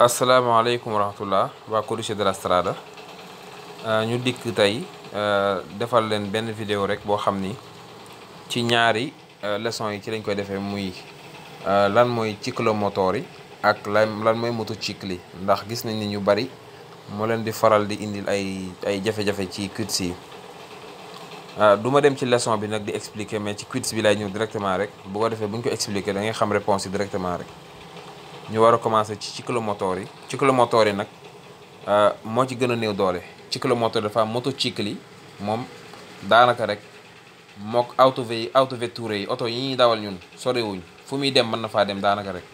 asalaamaaleykum wa rahmatullah waa Codice de la Strada euh, ñu dikk tey euh, defal leen benn vidéo rek boo xam ni ci ñaari euh, leçon yi ci lañ koy defee muy lan mooy cyclomoteur yi ak lan lan mooy motocycle yi ndax gis nañ ni ñu bari moo leen di faral di indil ay ay jafe-jafe ci quiz yi du ma dem ci leçon bi nag di expliquer mais ci quiz bi lay ñëw directement rek boo ko defee bu ko expliquer da ngay xam réponse yi directement rek. ñu war a commencé ci cyclomoteur yi cyclomoteur yi nag euh, moo ci gën a néew doole cyclomoteur dafa am motocycle yi moom daanaka rek mook auto yi auto voiture yi oto yi ñuy dawal ñun sorewuñ fu muy dem mën na faa dem daanaka rek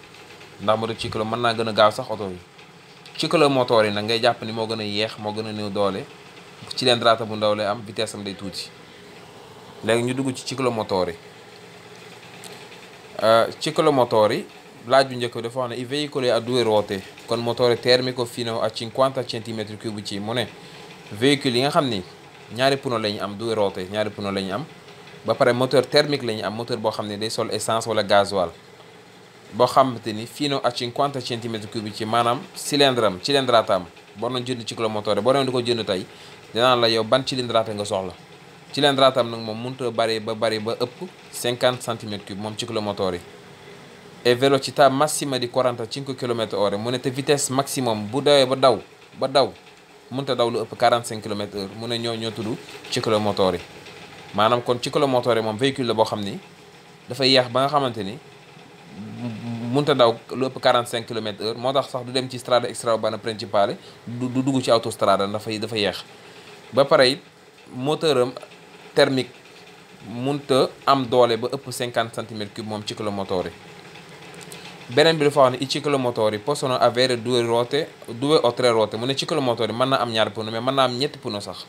ndax motocycle mën naa gën a gaaw sax oto yi cyclomoteur yi nag ngay jàpp ni moo gën a yéex moo gën a néew doole ci leen raata bu ndaw lay am vitesse am day tuuti léegi ñu dugg ci cyclomoteur yi euh, cyclomoteur yi laaj bu njëkk dafa wax ne i veicoli a due ruote kon motore termico fino a 50 centimetri cubici mu ne véhicule yi nga xam ni ñaari pneu la am due ruote ñaari pneu la ñu am ba pare moteur thermique la am moteur boo xam ne day sol essence wala gasoil boo xamante ni ak a 50 centimetri ci maanaam cylindre am cilindrata am boo doon jënd cyclomotore boo doon di ko jënd tey dinaan la yow ban cilindrata nga soxla cilindrata am nag moom mënut a ba bari ba ëpp 50 centimètres cubes moom cyclomotore yi e velocità massima di 45 km ore mu ne te vitesse maximum bu dawee ba daw ba daw mun mënta daw lu ëpp 45 km heure mu ne ñoo ñoo tudd cyclomotore maanaam kon cyclomotore moom véhicule la boo xam ni dafay yeex ba nga xamante ni mun mënta daw lu ëpp 45 km heure moo tax sax du dem ci strada extraurbaine principale du du dugg ci autostrada dafay dafa yeex ba pare it moteur am thermique mënta am doole ba ëpp 50 centimètres cube moom ci cyclomotore beneen bi dafa wax ne i ciclomotori possono avere due ruote due o tre ruote mu ne ciclomotori mën na am ñaar pneu mais mën naa am ñetti pneu sax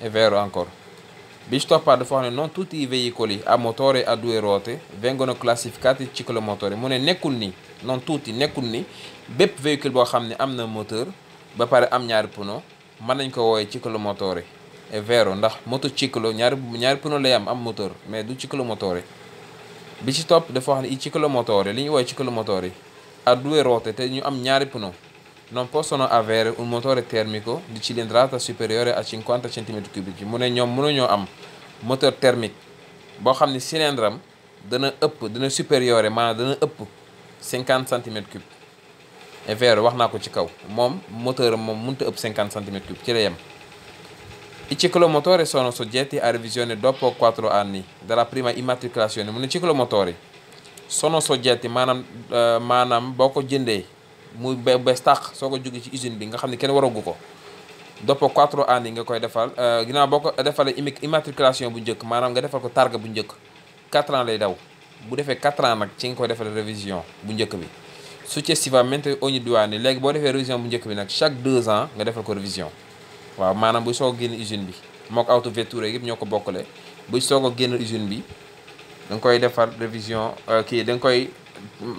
è vero ancora bi ci toppaat dafa wax ne non tutti i veicoli a motore a due ruote vengono classificati ciclomotori mu ne nekkul ni non tuuti nekkul ni bépp véhicule boo xam ne am na moteur ba pare am ñaari pneu mën nañ ko wooye ciclomotore è vero ndax moto ciclo ñaari ñaari pneu lay am am moteur mais du ciclomotore bi ci topp dafa wax ne i ciclomotore li ñuy woowee ciclomotore ha due ruote te ñu am ñaari pneu non possono avere un motore termico di cilindrata superiore a 50 centimetri cubici mu ne ñoom mënuñoo am moteur thermique boo xam ne cylindre am dana ëpp dana supérieur maanaam dana ëpp cinquante centimètres cube et vert wax naa ko ci kaw moom moteur am moom mënut a ëpp 50 centimètres cube ci la yem ci I ciclomotori sono soggetti a revisione dopo 4 anni dalla prima immatricolazione mu ne ciclomotori sono soggetti maanaam eh, maanaam boo ko jëndee muy be bees tàq soo ko jógee ci usine bi nga xam ne kenn waragu ko dopo 4 anni nga koy defal eh, ginnaaw boo ko defalee immatriculation bu njëkk maanaam nga defal ko targa bu njëkk 4 ans lay daw bu defee 4 ans nag ci nga koy defal révision bu njëkk bi successivamente ogni due anni léegi boo defee révision bu njëkk bi nag chaque 2 ans nga defal ko révision waaw maanaam bu soo a génn usine bi moo ko auto véture yëpp ñoo ko bokkale buy soog a génn usine bi da nga koy defal révision euh, kii da nga koy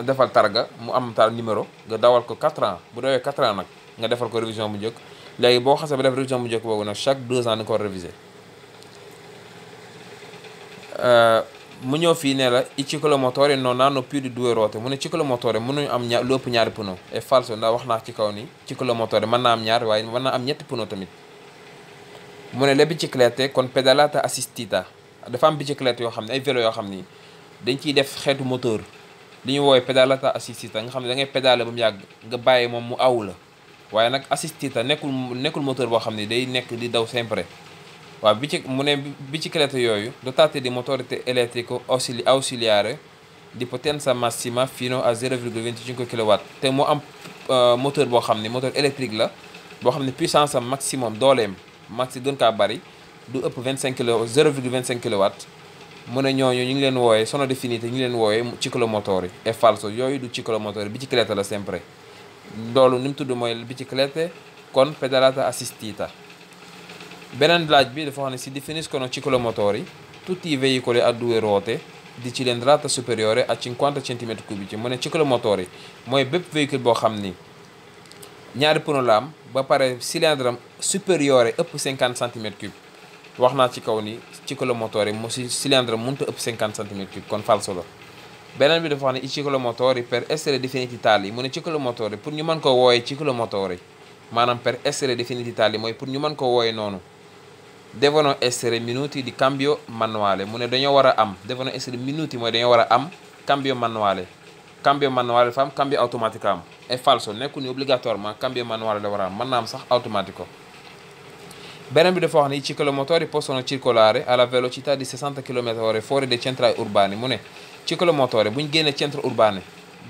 defal targa mu am tar numéro nga dawal ko 4 ans bu dawee 4 ans nag nga defal ko révision bu njëkk léegi boo xasee ba def révision bu njëkk boobu nag chaque 2 ans da ko réviser euh, mu ñëw fii ne la i ciclomotore non hanno più di due ruote mu ne ciclomotore mënuñu am ñaar lu ëpp ñaari pneu et falso ndax wax naa ci kaw ni ciclomotore mën naa am ñaar waaye mën naa am ñetti pneu tamit mu ne la bicyclette kon pedalata assistita dafa am bicyclette yoo xam ne ay vélo yoo xam ni dañ ciy def xeetu moteur li ñu woowee pedalata assistita nga xam ne da ngay pédale ba mu yàgg nga bàyyi moom mu aw la waaye nag assistita nekkul nekkul moteur boo xam ne day nekk di daw sempre waaw bici mu ne bicyclette yooyu dotate di motore elettrico ausiliare di potenza massima fino a 0,25 kilowatt te moo am euh, moteur boo xam ne moteur électrique la boo xam ne puissance am maximum dooleem max yi gën kaa bari du ëpp 25 kilo 0,25 kilowatt mu ne ñooñu ñu ngi leen wooyee sono définité ñu ngi leen wooyee ciclomoteur yi et falso yooyu du ciclomoteur yi biciclette la sempre loolu ni mu tudd mooy biciclette kon pedalata assistita beneen laaj bi dafa xam ne si definiscono ciclomotori tutti i veicoli a due ruote di cilindrata superiore a 50 centimetri ci mu ne ciclomotori mooy bépp véhicule boo xam ni ñaari pono la ba pare cylindre am supérieur ëpp cinquante centimètres cube wax naa ci kaw ni ciclomotore mo si cylindre am mënut a ëpp cinquante centimètres cube kon falso la beneen bi dafa wax ne i ciclomotori per essere definiti tali mu ne ciclomotori pour ñu mën ko wooye ciclomotori maanaam per essere definiti tali mooy pour ñu mën ko wooye noonu devono essere minuti di cambio manuale mu ne dañoo war a am devono essere minuti mooy dañoo war a am cambio manuale cambio manuale dafa am cambio automatique am è falso nekku ni obligatoirement cambio manuale la waraan mën naa am sax automatico beneen bi dafa wax ni i ciclomotori possono circolare alla velocità di 60 km ore fuori dai centri urbani mu ne ciclomotori bu ñu génnee centre urbani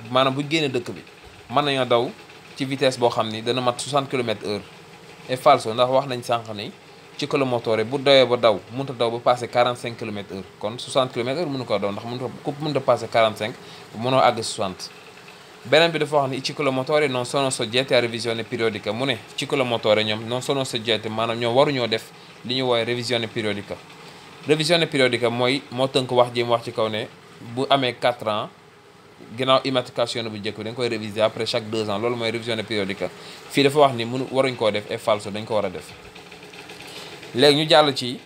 maanaam bu génnee dëkk bi mën nañoo daw ci vitesse boo xam ni dana mat 60 kilomètres heure è falso ndax wax nañ sànq ni ciclomotori bu dawee ba daw mënut a daw ba passé 45 kilomètres kon 60 kilomètres a ku mënut a beneen bi dafa wax ni ciclomotore non sono soggetti a revisione periodica mu ne ciclomotore ñoom non sono soggetti maanaam ñoom waruñoo def li ñu woowee revisione periodica revisione periodica mooy moo tënk wax ji mu wax ci kaw ne bu amee 4 ans ginnaaw immatriculation bu njëkk bi dañ koy réviser après chaque 2 ans loolu mooy revisione periodica fii dafa wax ni mënu waruñ koo def et falso dañ ko war a def léegi ñu jàll ci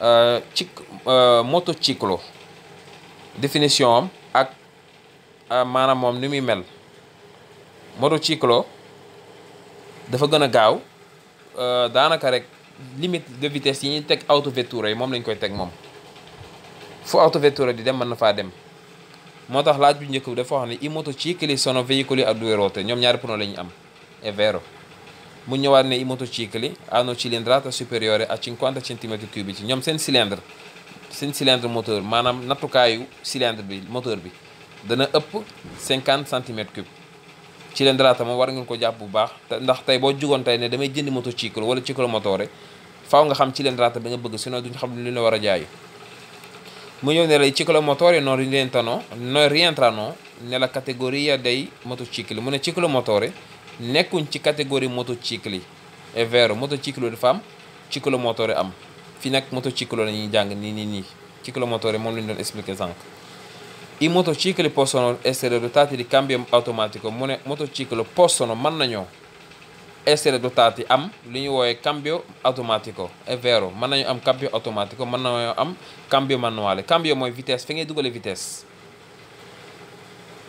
euh, ci euh, motociclo définition am Ah, maanaam moom ni muy mel motocyclo dafa gën a gaaw ah, daanaka rek limite de vitesse yi ñuy teg auto vettura yi moom lañ koy teg moom fu auto vettura di dem mën na faa dem moo tax laaj bu njëkk bi dafa xam ne i motocicli sono veicoli a due ruote ñoom ñaari pono la ñuy am è e mu ñëwaat ne i motocicli hanno cilindrata superiore a 50 centimetri ci ñoom seen cylindre seen cylindre moteur maanaam nattukaayu cylindre bi moteur bi dana ëpp 50 centimètres cube ci leen daraata moom war ngeen ko jàpp bu baax ndax tey boo jugoon tey ne damay jënd moto cycle wala cycle motore faaw nga xam ci leen daraata bi nga bëgg sinon duñ xam lu la war a jaay mu ñëw ne la cycle motore non rientrano non rientrano nella categoria dei motocicli mu ne cycle motore nekkuñ ci catégorie motocicli è vero motociclo dafa am cycle motore am fii nag motociclo la ñuy jàng nii nii nii cycle motore moom la ñu doon expliqué sànq i motocicli possono essere dotati di cambio automatico mu ne motociclo possono mën nañoo essere dotati am li ñu woowee cambio automatico è vero mën nañu am cambio automatico mën nañoo am cambio manuale cambio mooy vitesse fi ngay dugale vitesse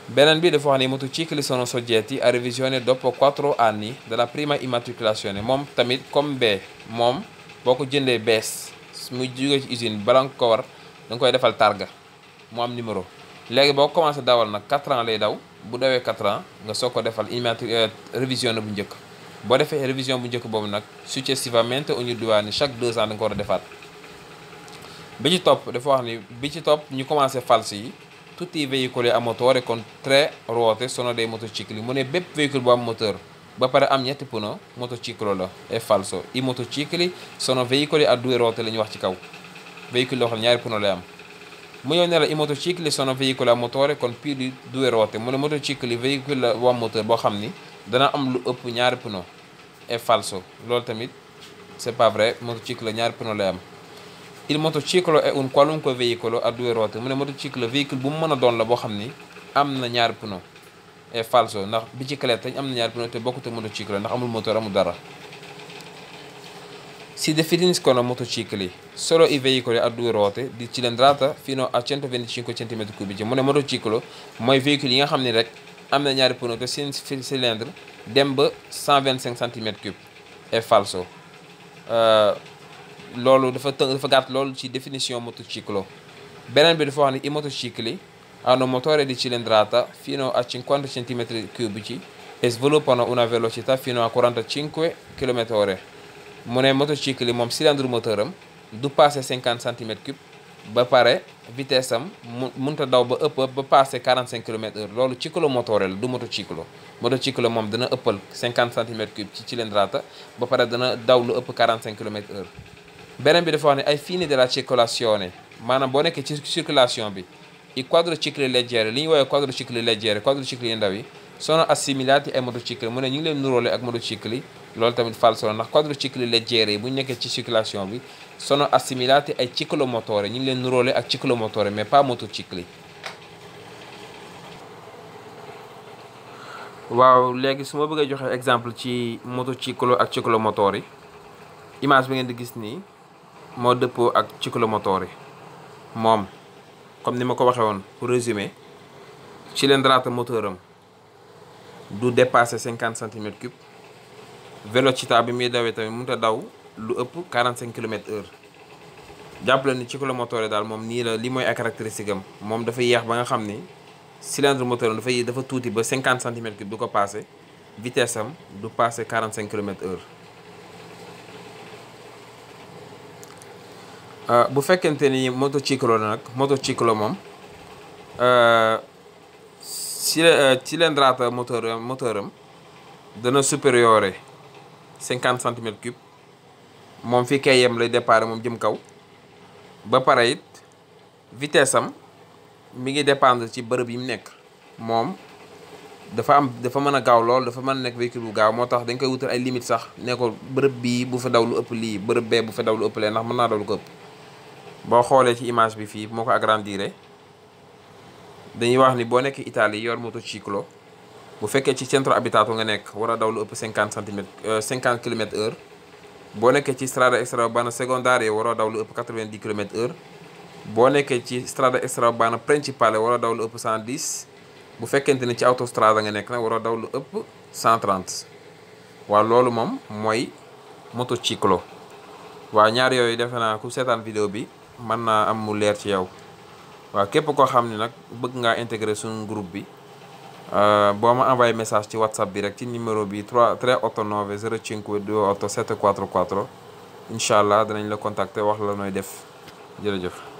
beneen bi dafa wax ni motocicli sono soggetti a revisione dopo 4 anni dalla prima ne moom tamit comme bee moom boo ko jëndee bees mu jógee ci usine bala nga ko war da koy defal targa mu am numéro léegi boo commencé dawal nag 4 ans lay daw bu dawee 4 ans nga soog ko defal immatriculation euh, révision na bu njëkk boo defee révision bu njëkk boobu nag successivamente ogni due anni chaque 2 ans da nga ko war a defaat bi ci topp dafa wax ni bi ci topp ñu commencé falsi yi tutti i veicoli a motore con tre ruote sono moto dei motocicli mu ne bépp véhicule bu am moteur ba pare am ñetti pneu motociclo la è falso i motocicli sono veicoli a due ruote la ñu wax ci kaw véhicule loo xam ñaari pneu am mu ñëw ne la i motocicli sono veicoli a motore con più di due ruote mu ne motocicli véhicule la bu am boo xam ni dana am lu ëpp ñaari pneu est falso loolu tamit c'est pas vrai motociclo ñaari pneu lay am il motociclo è un ko veicolo a due ruote mu ne motociclo véhicule bu mu mën a doon la boo xam ni am na ñaari pneu est falso ndax bi ci clé am na ñaari pneu te bokkute motociclo ndax amul moteur amul dara Si definiscono motocicli solo i veicoli a due ruote di cilindrata fino a 125 cm3 mu ne motociclo mooy véhicule yi nga xam ne rek am na ñaari pneu te seen cylindre dem ba 125 cm3 est falso euh, loolu dafa të dafa gàtt loolu ci définition motociclo beneen bi foo xam ne i motocicli hanno motore di cilindrata fino a 50 cm ci e sviluppano una velocità fino a 45 km/h mu ne motocycle yi moom cylindre moteur am du passé cinquante centimètres cube ba pare vitesse am mu mënta daw ba ëpp ba passé quarante cinq kilomètres heure loolu cyclomotore la du motocycle motocycle moom dana ëppal cinquante centimètres cube ci cilindrata ba pare dana daw lu ëpp quarante cinq kilomètres heure beneen bi dafa wax ne ay fini della circolazione maanaam boo nekkee ci circulation bi. i quadricycle légère li ñu woowee quadricycle légère quadricycle yi ndaw yi sono assimilaati ay motocycle mu ne ñu ngi leen nuróole ak motocycle yi loolu tamit falso ndax quadricycle légère yi bu ñu nekkee ci circulation bi sono assimilaati ay ciclomotore ñu ngi leen nuróole ak ciclomotore mais pas motocycle yi waaw léegi su ma bëggee joxee exemple ci motocycle ak ciclomotore yi image bi ngeen di gis nii moo dëppoo ak ciclomotore yi moom comme ni ma ko waxee woon pour résumer cilindrata moteur am du dépasser cinquante centimètres cube vélocita bi muy dawee tamit mënut a daw lu ëpp quarante cinq kilomètres heure jàppale ni cyclomotore daal moom nii la li mooy ay caractéristique moom dafa yéex ba nga xam ni cylindre moteur am dafa dafa tuuti ba cinquante centimètres cube du ko passé vitesse am du passé quarante cinq kilomètres heure Euh, bu fekkente ni motociclo la nag motociclo moom euh, ci euh, cilindrata moteur moteur am dana supérieur cinquante centimètres cube moom fi kay yam lay départ moom jëm kaw ba pare it vitesse am mi ngi dépendre ci bërëb yi mu nekk moom dafa am dafa mën a gaaw lool dafa mën a nekk véhicule bu gaaw moo tax dañ koy wutal ay limite sax ne bërëb bii bu fa daw lu ëpp lii bërëb bee bu fa daw lu ëpp lee ndax mën naa daw lu ko ëpp boo xoolee ci image bi fii moo ko agrandiré dañuy wax ni boo nekk Italie yor motociclo bu fekkee ci centro abitato nga nekk war a daw lu ëpp cinquante centimètres euh, cinquante kilomètres heure boo nekkee ci strada extraurbana secondaria war a daw lu ëpp quatre-vingt-dix kilomètres boo nekkee ci strada extraurbana principale war a daw lu ëpp cent dix bu fekkente ni ci autostrada nga nekk nag war a daw lu ëpp cent trente loolu moom mooy motociclo waa ñaar yooyu defe naa ku seetaan vidéo bi. mën naa am mu leer ci yow waaw képp koo xam ne nag bëgg ngaa intégrer suñu groupe bi euh, boo ma envoyé message ci whatsapp bi rek ci numéro bi trois 3 389 052 744 incha allah danañ la contacter wax la nooy def jërëjëf.